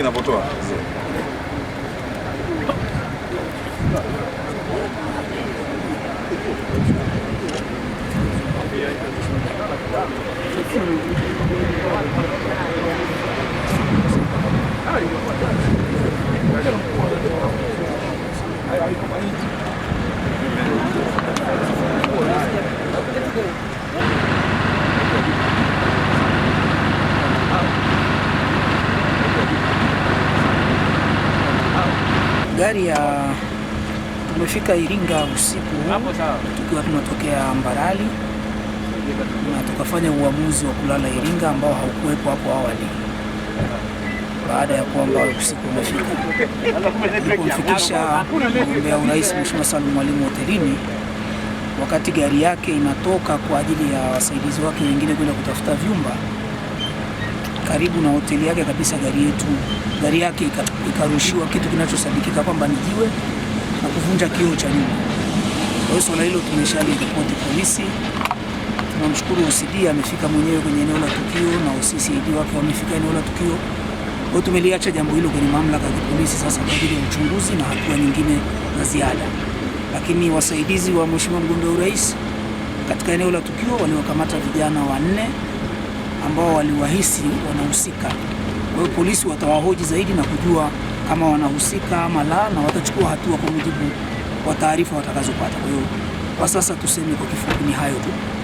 きなことはは gari ya tumefika Iringa usiku tukiwa tunatokea Mbarali na tukafanya uamuzi wa kulala Iringa ambao haukuwepo hapo awali. Baada ya kwamba usiku umefika, tulipomfikisha mgombea urais Mheshimiwa Salim Mwalimu hotelini, wakati gari yake inatoka kwa ajili ya wasaidizi wake wengine kwenda kutafuta vyumba karibu na hoteli yake kabisa, gari yetu gari yake ikarushiwa kitu kinachosadikika kwamba ni jiwe na kuvunja kioo cha nyuma. Kwa hiyo swala hilo tumeshaliripoti polisi. Tunamshukuru OCD amefika mwenyewe kwenye eneo la tukio na OCD wake wamefika eneo la tukio. Kwa hiyo tumeliacha jambo hilo kwenye mamlaka ya polisi sasa kwa ajili ya uchunguzi na hatua nyingine za ziada, lakini wasaidizi wa mheshimiwa mgombea urais katika eneo la tukio waliokamata vijana wanne ambao waliwahisi wanahusika. Kwa hiyo polisi watawahoji zaidi na kujua kama wanahusika ama la, na watachukua hatua kwa mujibu wa taarifa watakazopata. Kwa hiyo kwa sasa tuseme kwa kifupi ni hayo tu.